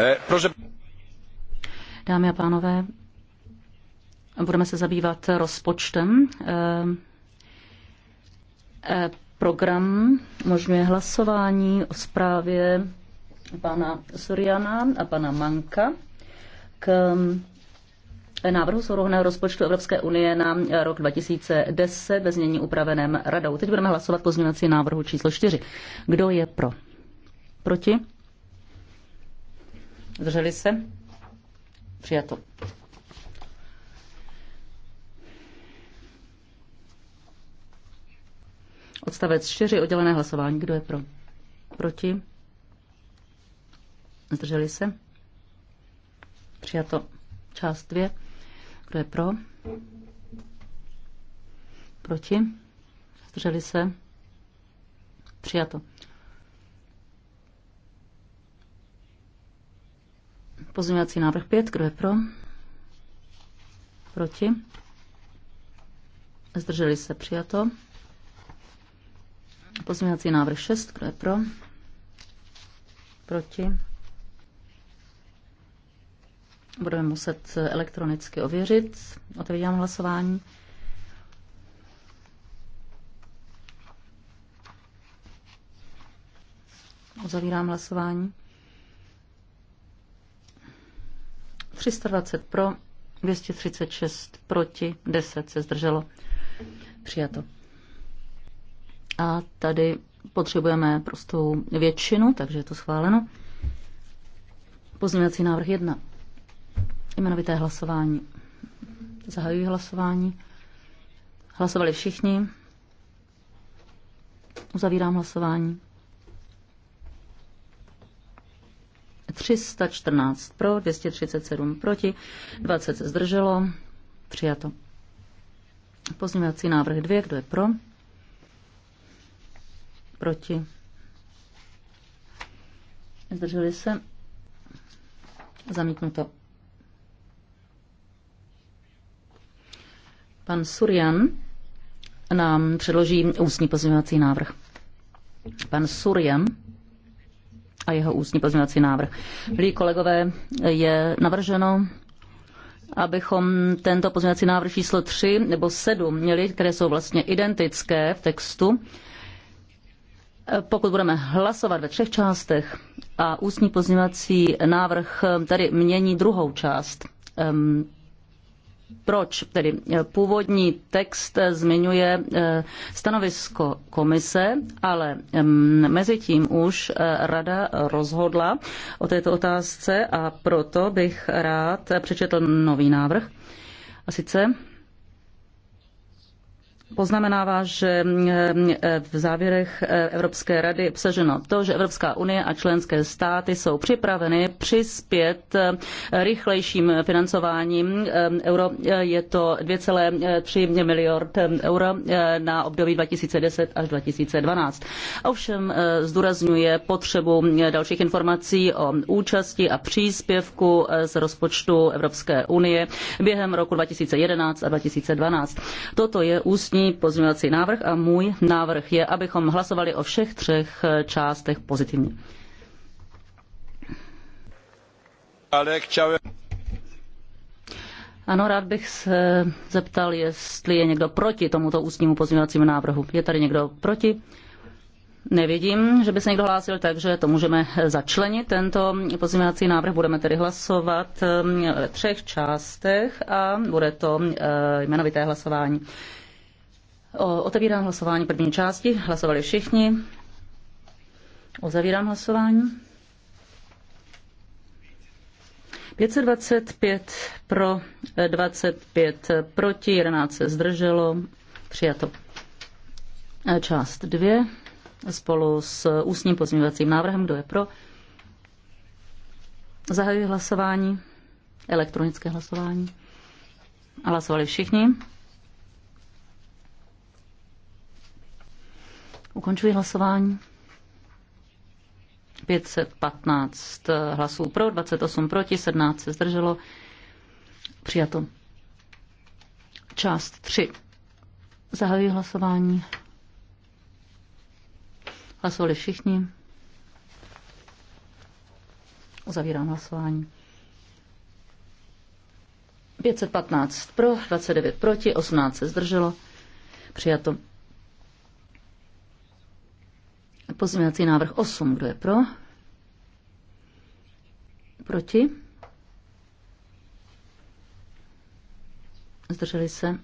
Eh, Dámy a pánové, budeme se zabývat rozpočtem. Eh, eh, program umožňuje hlasování o zprávě pana Soriana a pana Manka k návrhu souhrnného rozpočtu Evropské unie na rok 2010 ve znění upraveném radou. Teď budeme hlasovat pozměňovací návrhu číslo 4. Kdo je pro? Proti? Zdrželi se? Přijato. Odstavec 4, oddělené hlasování. Kdo je pro? Proti? Zdrželi se? Přijato část 2. Kdo je pro? Proti? Zdrželi se? Přijato. Pozměňovací návrh 5, kdo je pro? Proti? Zdrželi se přijato. Pozměňovací návrh 6, kdo je pro? Proti? Budeme muset elektronicky ověřit. Otevírám hlasování. Uzavírám hlasování. 320 pro, 236 proti, 10 se zdrželo. Přijato. A tady potřebujeme prostou většinu, takže je to schváleno. Pozměňovací návrh 1. Jmenovité hlasování. Zahajuji hlasování. Hlasovali všichni. Uzavírám hlasování. 314 pro, 237 proti, 20 se zdrželo, přijato. Pozměňovací návrh 2, kdo je pro? Proti. Zdrželi se. Zamítnuto. Pan Surjan nám předloží ústní pozměňovací návrh. Pan Surjan a jeho ústní pozměňovací návrh. Milí kolegové, je navrženo, abychom tento pozměňovací návrh číslo 3 nebo 7 měli, které jsou vlastně identické v textu. Pokud budeme hlasovat ve třech částech a ústní pozměňovací návrh tady mění druhou část proč tedy eh, původní text eh, zmiňuje eh, stanovisko komise, ale mezi tím už rada rozhodla o této otázce a proto bych rád přečetl nový návrh. A sice poznamenává, že mm, eh, v závěrech eh, Evropské rady je obsaženo to, že Evropská unie a členské státy jsou připraveny přispět eh, rychlejším financováním euro. Je to 2,3 miliard euro na období 2010 až 2012. Ovšem zdůrazňuje potřebu dalších informací o účasti a příspěvku z rozpočtu Evropské unie během roku 2011 a 2012. Toto je ústní vlastní pozměňovací návrh a můj návrh je, abychom hlasovali o všech třech eh, částech pozitivně. Ale chciałem... Ano, rád bych se zeptal, jestli je někdo proti tomuto ústnímu pozměňovacímu návrhu. Je tady někdo proti? Nevidím, že by se někdo hlásil, takže to můžeme začlenit. Tento pozměňovací návrh budeme tedy hlasovat ehm, ve třech částech a bude to eh, jmenovité hlasování. Otevírám hlasování první části. Hlasovali všichni. Ozavírám hlasování. 525 pro, 25 proti, 11 se zdrželo. Přijato. E, část 2 spolu s ústním pozměňovacím návrhem. Kdo je pro? Zahajuji hlasování, elektronické hlasování. Hlasovali všichni. Ukončuji hlasování. 515 hlasů pro, 28 proti, 17 se zdrželo. Přijato. Část 3. Zahajuji hlasování. Hlasovali všichni. Uzavírám hlasování. 515 pro, 29 proti, 18 se zdrželo. Přijato. Pozměňovací návrh 8. Kdo je pro? Proti? Zdrželi se?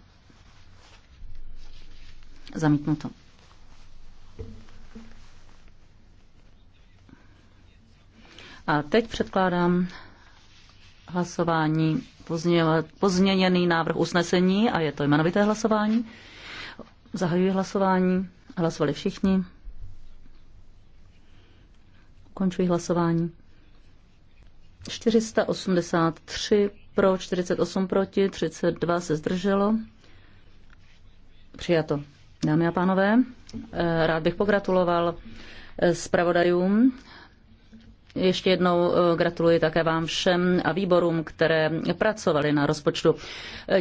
Zamítnuto. A teď předkládám hlasování pozměněný návrh usnesení a je to jmenovité hlasování. Zahajuji hlasování. Hlasovali všichni. Končuji hlasování. 483 pro, 48 proti, 32 se zdrželo. Přijato. Dámy a pánové, eh, rád bych pogratuloval eh, zpravodajům. Ještě jednou eh, gratuluji také vám všem a výborům, které pracovali na rozpočtu.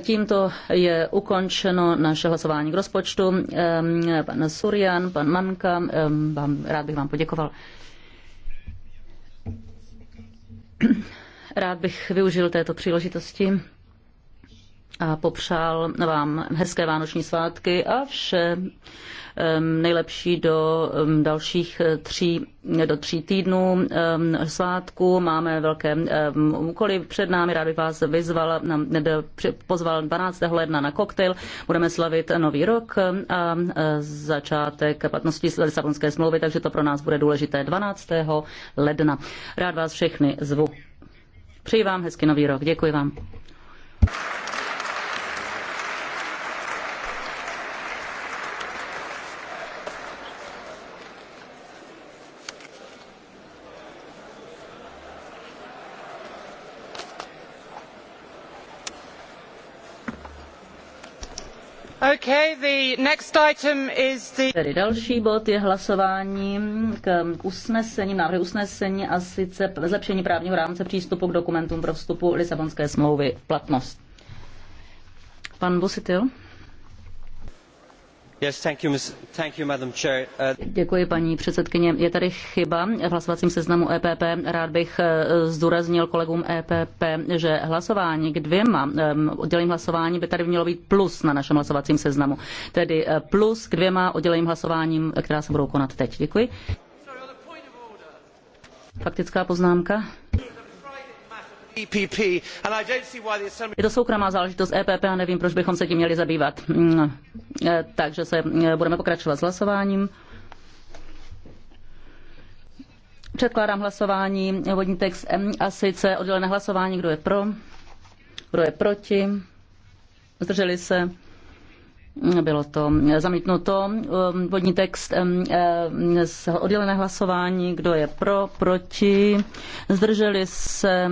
Tímto je ukončeno naše hlasování k rozpočtu. Pan Surian, pan Manka, rád bych vám poděkoval. Rád bych využil této příležitosti a popřál vám hezké vánoční svátky a vše nejlepší do dalších tří, do tří týdnů svátku. Máme velké úkoly před námi. Rád bych vás vyzval, pozval 12. ledna na koktejl. Budeme slavit nový rok a začátek platnosti Lisabonské smlouvy, takže to pro nás bude důležité 12. ledna. Rád vás všechny zvu. Přeji vám hezký nový rok. Děkuji vám. Okay, the next item is the... Tedy další bod je hlasování k usnesení, návrhu usnesení a sice zlepšení právního rámce přístupu k dokumentům pro vstupu Lisabonské smlouvy v platnost. Pan Busitil. Uh, Děkuji, paní předsedkyně. Je tady chyba v hlasovacím seznamu EPP. Rád bych eh, zdůraznil kolegům EPP, že hlasování k dvěma eh, odděleným hlasování by tady mělo být plus na našem hlasovacím seznamu. Tedy eh, plus k dvěma odděleným hlasováním, která se budou konat teď. Děkuji. Faktická poznámka. Je to soukromá záležitost EPP a nevím, proč bychom se tím měli zabývat. Mm. Eh, takže se eh, budeme pokračovat s hlasováním. Předkládám hlasování, vodní text M eh, a sice oddělené hlasování, kdo je pro, kdo je proti, zdrželi se. Bylo to zamítnuto um, vodní text um, um, z oddělené hlasování, kdo je pro, proti, zdrželi se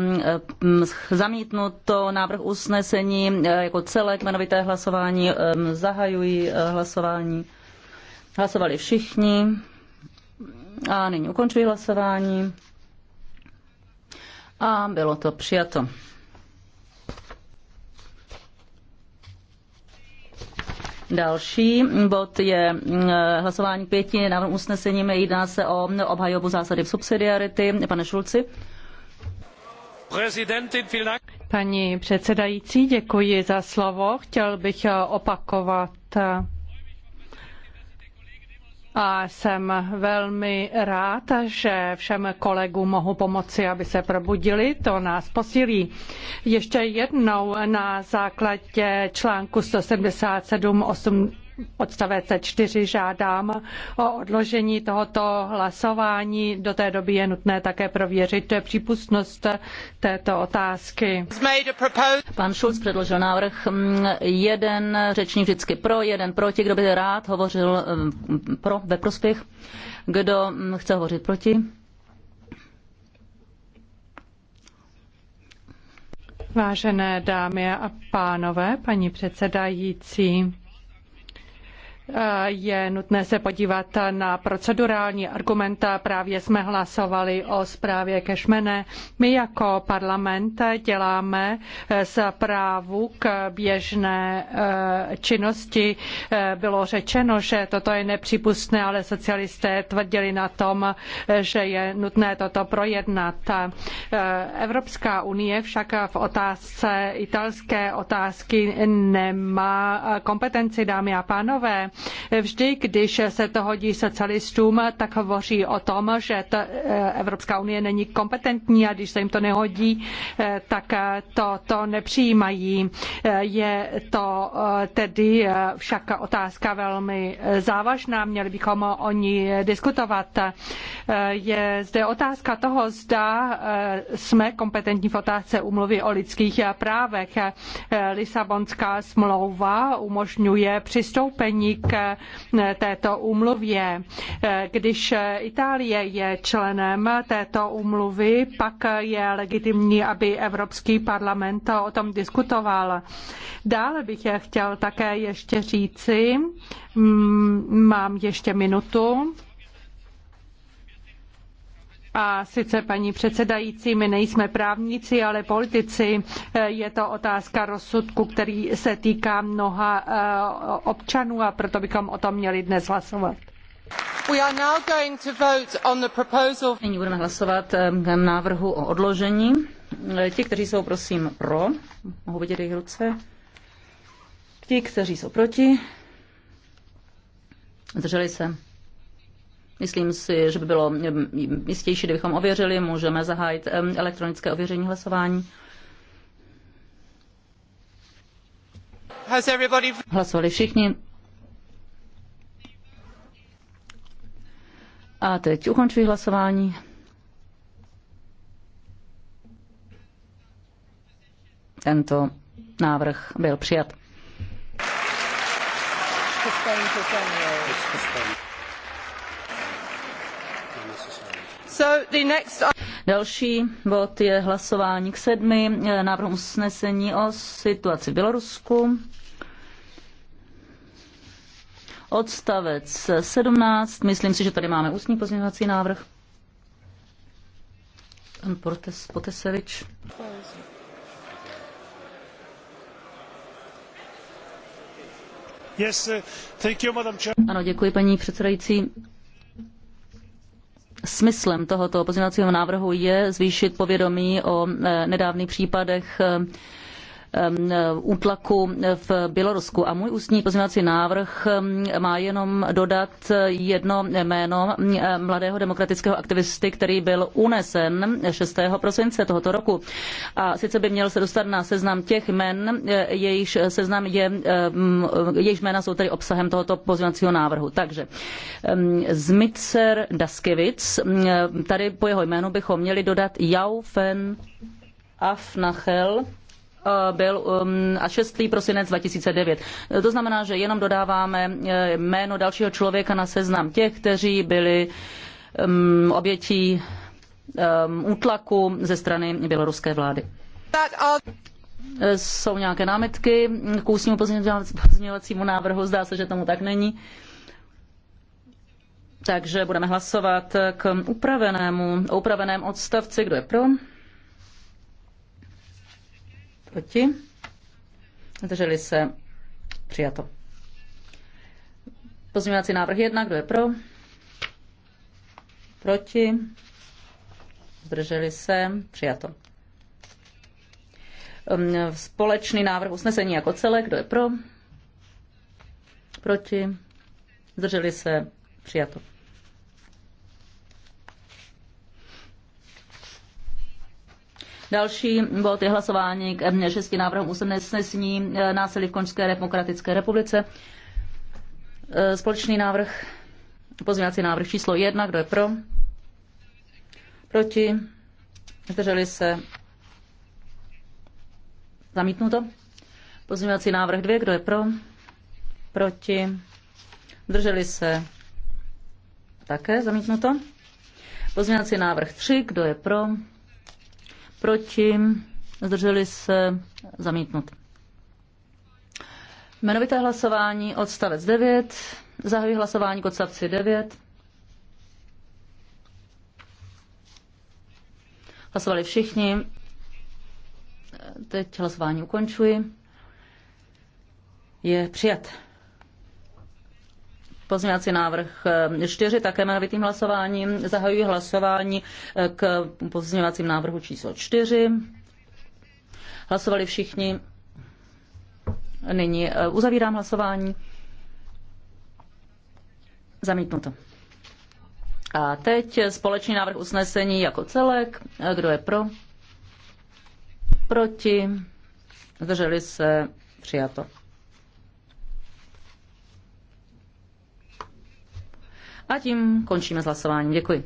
zamítnuto návrh usnesení uh, jako celek jmenovité hlasování, zahajují uh, hlasování. Hlasovali všichni a nyní ukončuji hlasování a bylo to přijato. Další bod je mm, hlasování pěti návrhů usnesení. Jedná se o obhajobu zásady v subsidiarity. Pane Šulci. Paní předsedající, děkuji za slovo. Chtěl bych opakovat a jsem velmi rád, že všem kolegům mohu pomoci, aby se probudili. To nás posílí. Ještě jednou na základě článku 177 odstavec čtyři žádám o odložení tohoto hlasování. Do té doby je nutné také prověřit přípustnost této otázky. Pan Schulz předložil návrh mm, jeden řečník vždycky pro, jeden proti. Kdo by rád hovořil mm, pro, ve prospěch? Kdo mm, chce hovořit proti? Vážené dámy a pánové, paní předsedající, Eh, je nutné se podívat na procedurální argumenta. Právě jsme hlasovali o zprávě Kešmene. My jako parlament děláme eh, zprávu k běžné eh, činnosti. Bylo řečeno, že toto je nepřípustné, ale socialisté tvrdili na tom, že je nutné toto projednat. Evropská unie však v otázce italské otázky nemá kompetenci, dámy a pánové Vždy, když se to hodí socialistům, tak hovoří o tom, že to eh, Evropská unie není kompetentní a když se jim to nehodí, eh, tak eh, to, to nepřijímají. Je to tedy však otázka velmi závažná, měli bychom o ní diskutovat. Je zde otázka toho, zda jsme kompetentní v otázce umluvy o lidských právech. Lisabonská smlouva umožňuje přistoupení k eh, této úmluvě. Eh, když eh, Itálie je členem této úmluvy, pak je legitimní, aby Evropský parlament o tom diskutoval. Dále bych chtěl také ještě říci, mm, mám ještě minutu, a sice paní předsedající, my nejsme právníci, ale politici. Eh, je to otázka rozsudku, který se týká mnoha eh, občanů a proto bychom o tom měli dnes hlasovat. Nyní budeme hlasovat k eh, návrhu o odložení. Ti, kteří jsou prosím pro, mohu vidět jejich ruce. Ti, kteří jsou proti, zdrželi se. Myslím si, že by bylo eh, jistější, kdybychom ověřili. Můžeme zahájit eh, elektronické ověření hlasování. Hlasovali všichni. A teď ukončuji hlasování. Tento návrh byl přijat. Další bod je hlasování k sedmi eh, návrhům usnesení o situaci v Bělorusku. Odstavec 17. Myslím si, že tady máme ústní pozměňovací návrh. Pan Portes, Potesevič. Yes, thank you, madam. Ano, děkuji paní předsedající smyslem tohoto pozměňovacího návrhu je zvýšit povědomí o eh, nedávných případech eh, Um, útlaku v Bělorusku. A můj ústní pozměňovací návrh um, má jenom dodat jedno jméno um, mladého demokratického aktivisty, který byl unesen 6. prosince tohoto roku. A sice by měl se dostat na seznam těch jmen, eh, jejíž seznam je, jejíž jména jsou tedy obsahem tohoto pozměňovacího návrhu. Takže Zmitser Daskevic, eh, tady po jeho jménu bychom měli dodat Jaufen Afnachel, Eh, byl um, a 6. prosinec 2009. To znamená, že jenom dodáváme eh, jméno dalšího člověka na seznam těch, kteří byli um, obětí um, útlaku ze strany běloruské vlády. Eh, jsou nějaké námitky k ústnímu pozměňovacímu návrhu? Zdá se, že tomu tak není. Takže budeme hlasovat k upravenému, upraveném odstavci. Kdo je pro? Proti? Zdrželi se? Přijato. Pozměňovací návrh 1. Kdo je pro? Proti? Zdrželi se? Přijato. Um, společný návrh usnesení jako celek. Kdo je pro? Proti? Zdrželi se? Přijato. Další bod je hlasování k šesti návrhům usnesení e, násilí v Končské demokratické republice. E, společný návrh, pozměňovací návrh číslo jedna, kdo je pro? Proti? Zdrželi se? Zamítnuto? Pozměňovací návrh dvě, kdo je pro? Proti? Zdrželi se? Také zamítnuto? Pozměňovací návrh 3, kdo je pro? proti, zdrželi se, zamítnut. Jmenovité hlasování odstavec 9. Zahajuji hlasování k odstavci 9. Hlasovali všichni. Teď hlasování ukončuji. Je přijat. Pozměňovací návrh 4, eh, také jmenovitým hlasováním. Zahajuji hlasování eh, k pozměňovacím návrhu číslo 4. Hlasovali všichni. Nyní eh, uzavírám hlasování. Zamítnuto. A teď společný návrh usnesení jako celek. Kdo je pro? Proti? Zdrželi se? Přijato. A tím končíme s hlasováním. Děkuji.